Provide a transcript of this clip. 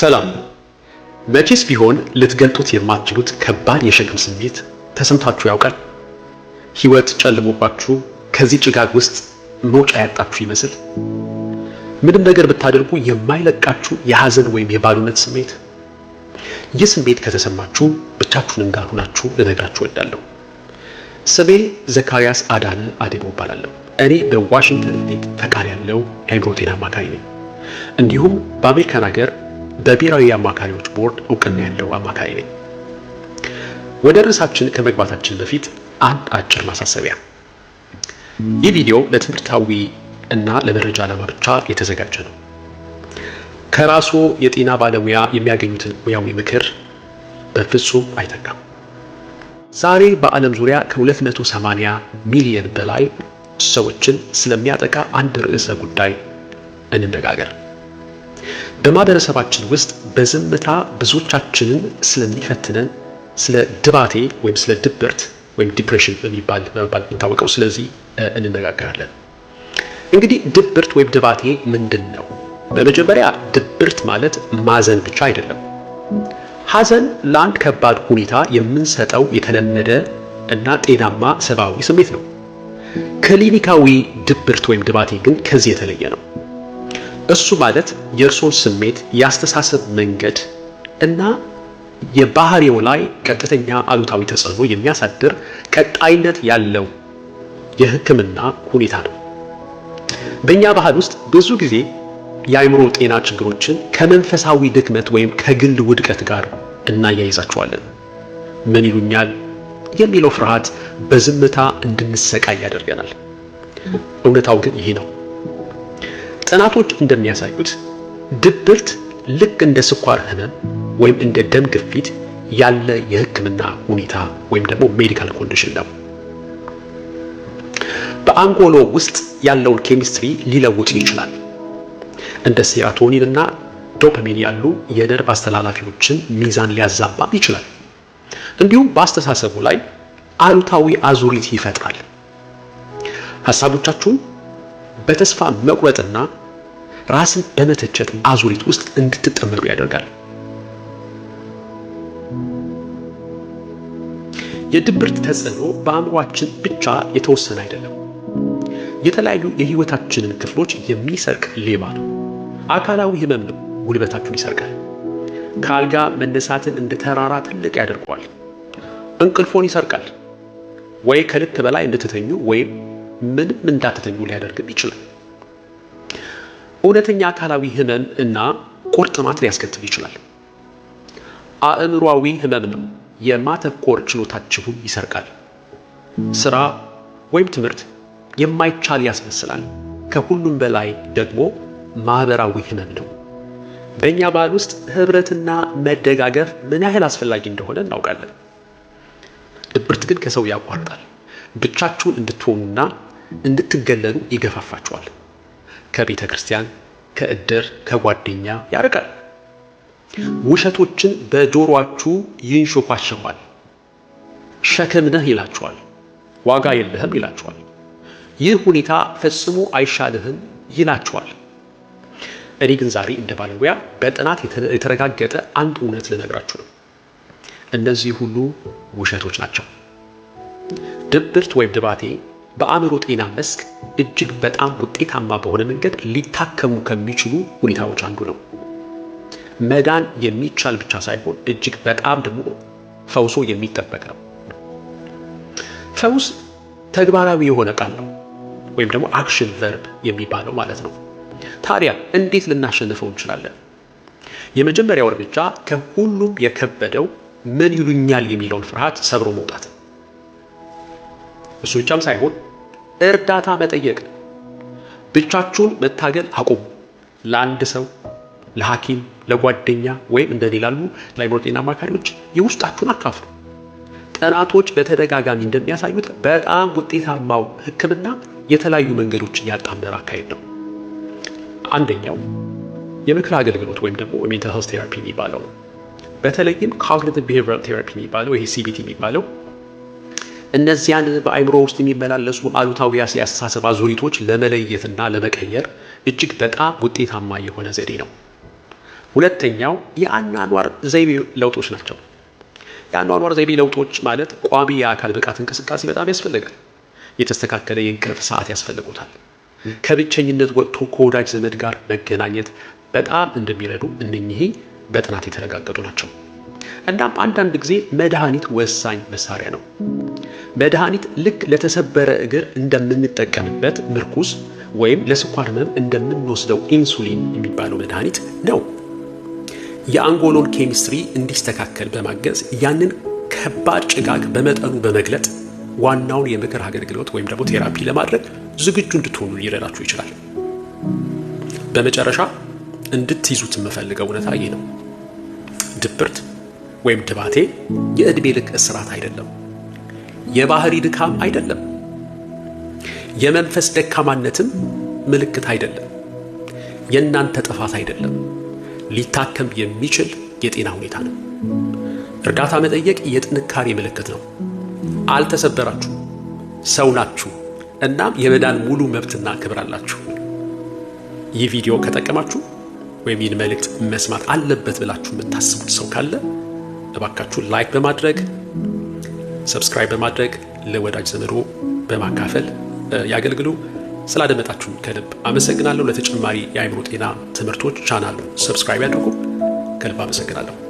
ሰላም። መቼስ ቢሆን ልትገልጡት የማትችሉት ከባድ የሸክም ስሜት ተሰምታችሁ ያውቃል? ህይወት ጨልሞባችሁ ከዚህ ጭጋግ ውስጥ መውጫ ያጣችሁ ይመስል ምንም ነገር ብታደርጉ የማይለቃችሁ የሐዘን ወይም የባዶነት ስሜት። ይህ ስሜት ከተሰማችሁ ብቻችሁን እንዳልሆናችሁ ልነግራችሁ እወዳለሁ። ስሜ ዘካርያስ አዳነ አዴሞ እባላለሁ። እኔ በዋሽንግተን ስቴት ፈቃድ ያለው የአእምሮ ጤና አማካሪ ነኝ። እንዲሁም በአሜሪካን ሀገር በብሔራዊ አማካሪዎች ቦርድ እውቅና ያለው አማካሪ ነኝ። ወደ ርዕሳችን ከመግባታችን በፊት አንድ አጭር ማሳሰቢያ። ይህ ቪዲዮ ለትምህርታዊ እና ለመረጃ ዓላማ ብቻ የተዘጋጀ ነው። ከራስዎ የጤና ባለሙያ የሚያገኙትን ሙያዊ ምክር በፍጹም አይተካም። ዛሬ በዓለም ዙሪያ ከ280 ሚሊዮን በላይ ሰዎችን ስለሚያጠቃ አንድ ርዕሰ ጉዳይ እንነጋገር። በማህበረሰባችን ውስጥ በዝምታ ብዙዎቻችንን ስለሚፈትነን ስለ ድባቴ ወይም ስለ ድብርት ወይም ዲፕሬሽን በሚባል በመባል የሚታወቀው ስለዚህ እንነጋገራለን። እንግዲህ ድብርት ወይም ድባቴ ምንድን ነው? በመጀመሪያ ድብርት ማለት ማዘን ብቻ አይደለም። ሐዘን ለአንድ ከባድ ሁኔታ የምንሰጠው የተለመደ እና ጤናማ ሰብአዊ ስሜት ነው። ክሊኒካዊ ድብርት ወይም ድባቴ ግን ከዚህ የተለየ ነው። እሱ ማለት የእርሶን ስሜት፣ የአስተሳሰብ መንገድ እና የባህሪው ላይ ቀጥተኛ አሉታዊ ተጽዕኖ የሚያሳድር ቀጣይነት ያለው የሕክምና ሁኔታ ነው። በእኛ ባህል ውስጥ ብዙ ጊዜ የአእምሮ ጤና ችግሮችን ከመንፈሳዊ ድክመት ወይም ከግል ውድቀት ጋር እናያይዛቸዋለን። ምን ይሉኛል የሚለው ፍርሃት በዝምታ እንድንሰቃይ ያደርገናል። እውነታው ግን ይሄ ነው። ጥናቶች እንደሚያሳዩት ድብርት ልክ እንደ ስኳር ህመም ወይም እንደ ደም ግፊት ያለ የህክምና ሁኔታ ወይም ደግሞ ሜዲካል ኮንዲሽን ነው። በአንጎሎ ውስጥ ያለውን ኬሚስትሪ ሊለውጥ ይችላል። እንደ ሴራቶኒን እና ዶፓሚን ያሉ የነርቭ አስተላላፊዎችን ሚዛን ሊያዛባ ይችላል። እንዲሁም በአስተሳሰቡ ላይ አሉታዊ አዙሪት ይፈጥራል። ሀሳቦቻችሁን በተስፋ መቁረጥና ራስን በመተቸት አዙሪት ውስጥ እንድትጠመዱ ያደርጋል። የድብርት ተጽዕኖ በአእምሯችን ብቻ የተወሰነ አይደለም። የተለያዩ የህይወታችንን ክፍሎች የሚሰርቅ ሌባ ነው። አካላዊ ህመም ነው፣ ጉልበታችሁን ይሰርቃል። ከአልጋ መነሳትን እንደ ተራራ ትልቅ ያደርገዋል። እንቅልፎን ይሰርቃል። ወይ ከልክ በላይ እንድትተኙ ወይም ምንም እንዳትተኙ ሊያደርግም ይችላል። እውነተኛ አካላዊ ህመም እና ቁርጥማት ሊያስከትል ይችላል። አእምሯዊ ህመም ነው፣ የማተኮር ችሎታችሁ ይሰርቃል። ስራ ወይም ትምህርት የማይቻል ያስመስላል። ከሁሉም በላይ ደግሞ ማህበራዊ ህመም ነው። በእኛ ባህል ውስጥ ህብረትና መደጋገፍ ምን ያህል አስፈላጊ እንደሆነ እናውቃለን። ድብርት ግን ከሰው ያቋርጣል። ብቻችሁን እንድትሆኑና እንድትገለሉ ይገፋፋችኋል። ከቤተ ክርስቲያን፣ ከእድር፣ ከጓደኛ ያርቃል። ውሸቶችን በጆሮአችሁ ይንሾኳሸኳል። ሸክም ነህ ይላችኋል። ዋጋ የለህም ይላችኋል። ይህ ሁኔታ ፈጽሞ አይሻልህም ይላችኋል። እኔ ግን ዛሬ እንደ ባለሙያ በጥናት የተረጋገጠ አንድ እውነት ልነግራችሁ ነው። እነዚህ ሁሉ ውሸቶች ናቸው። ድብርት ወይም ድባቴ በአእምሮ ጤና መስክ እጅግ በጣም ውጤታማ በሆነ መንገድ ሊታከሙ ከሚችሉ ሁኔታዎች አንዱ ነው። መዳን የሚቻል ብቻ ሳይሆን እጅግ በጣም ደግሞ ፈውሶ የሚጠበቅ ነው። ፈውስ ተግባራዊ የሆነ ቃል ነው፣ ወይም ደግሞ አክሽን ቨርብ የሚባለው ማለት ነው። ታዲያ እንዴት ልናሸንፈው እንችላለን? የመጀመሪያው እርምጃ ከሁሉም የከበደው ምን ይሉኛል የሚለውን ፍርሃት ሰብሮ መውጣት እሱ ብቻም ሳይሆን እርዳታ መጠየቅ፣ ብቻችሁን መታገል አቁሙ። ለአንድ ሰው፣ ለሐኪም፣ ለጓደኛ ወይም እንደኔ ላሉ ለአእምሮ ጤና አማካሪዎች የውስጣችሁን አካፍሉ። ጥናቶች በተደጋጋሚ እንደሚያሳዩት በጣም ውጤታማው ሕክምና የተለያዩ መንገዶችን ያጣመረ አካሄድ ነው። አንደኛው የምክር አገልግሎት ወይም ደግሞ ሜንታል ሄልዝ ቴራፒ የሚባለው በተለይም ኮግኒቲቭ ቢሄቪራል ቴራፒ የሚባለው ይሄ ሲቢቲ የሚባለው እነዚያን በአይምሮ ውስጥ የሚመላለሱ አሉታዊ የአስተሳሰብ አዙሪቶች ለመለየትና ለመቀየር እጅግ በጣም ውጤታማ የሆነ ዘዴ ነው። ሁለተኛው የአኗኗር ዘይቤ ለውጦች ናቸው። የአኗኗር ዘይቤ ለውጦች ማለት ቋሚ የአካል ብቃት እንቅስቃሴ በጣም ያስፈልጋል። የተስተካከለ የእንቅልፍ ሰዓት ያስፈልጎታል። ከብቸኝነት ወጥቶ ከወዳጅ ዘመድ ጋር መገናኘት በጣም እንደሚረዱ እነኚህ በጥናት የተረጋገጡ ናቸው። እናም አንዳንድ ጊዜ መድኃኒት ወሳኝ መሳሪያ ነው። መድኃኒት ልክ ለተሰበረ እግር እንደምንጠቀምበት ምርኩስ ወይም ለስኳር ህመም እንደምንወስደው ኢንሱሊን የሚባለው መድኃኒት ነው። የአንጎሎን ኬሚስትሪ እንዲስተካከል በማገዝ ያንን ከባድ ጭጋግ በመጠኑ በመግለጥ ዋናውን የምክር አገልግሎት ወይም ደግሞ ቴራፒ ለማድረግ ዝግጁ እንድትሆኑ ሊረዳችሁ ይችላል። በመጨረሻ እንድትይዙት የምፈልገው እውነታ ይህ ነው። ድብርት ወይም ድባቴ የዕድሜ ልክ እስራት አይደለም፣ የባህሪ ድካም አይደለም፣ የመንፈስ ደካማነትም ምልክት አይደለም፣ የእናንተ ጥፋት አይደለም። ሊታከም የሚችል የጤና ሁኔታ ነው። እርዳታ መጠየቅ የጥንካሬ ምልክት ነው። አልተሰበራችሁ፣ ሰው ናችሁ። እናም የመዳን ሙሉ መብትና ክብር አላችሁ። ይህ ቪዲዮ ከጠቀማችሁ ወይም ይህን መልእክት መስማት አለበት ብላችሁ የምታስቡት ሰው ካለ እባካችሁን ላይክ በማድረግ ሰብስክራይብ በማድረግ ለወዳጅ ዘመዶ በማካፈል ያገልግሉ። ስላደመጣችሁን ከልብ አመሰግናለሁ። ለተጨማሪ የአይምሮ ጤና ትምህርቶች ቻናሉ ሰብስክራይብ ያድርጉ። ከልብ አመሰግናለሁ።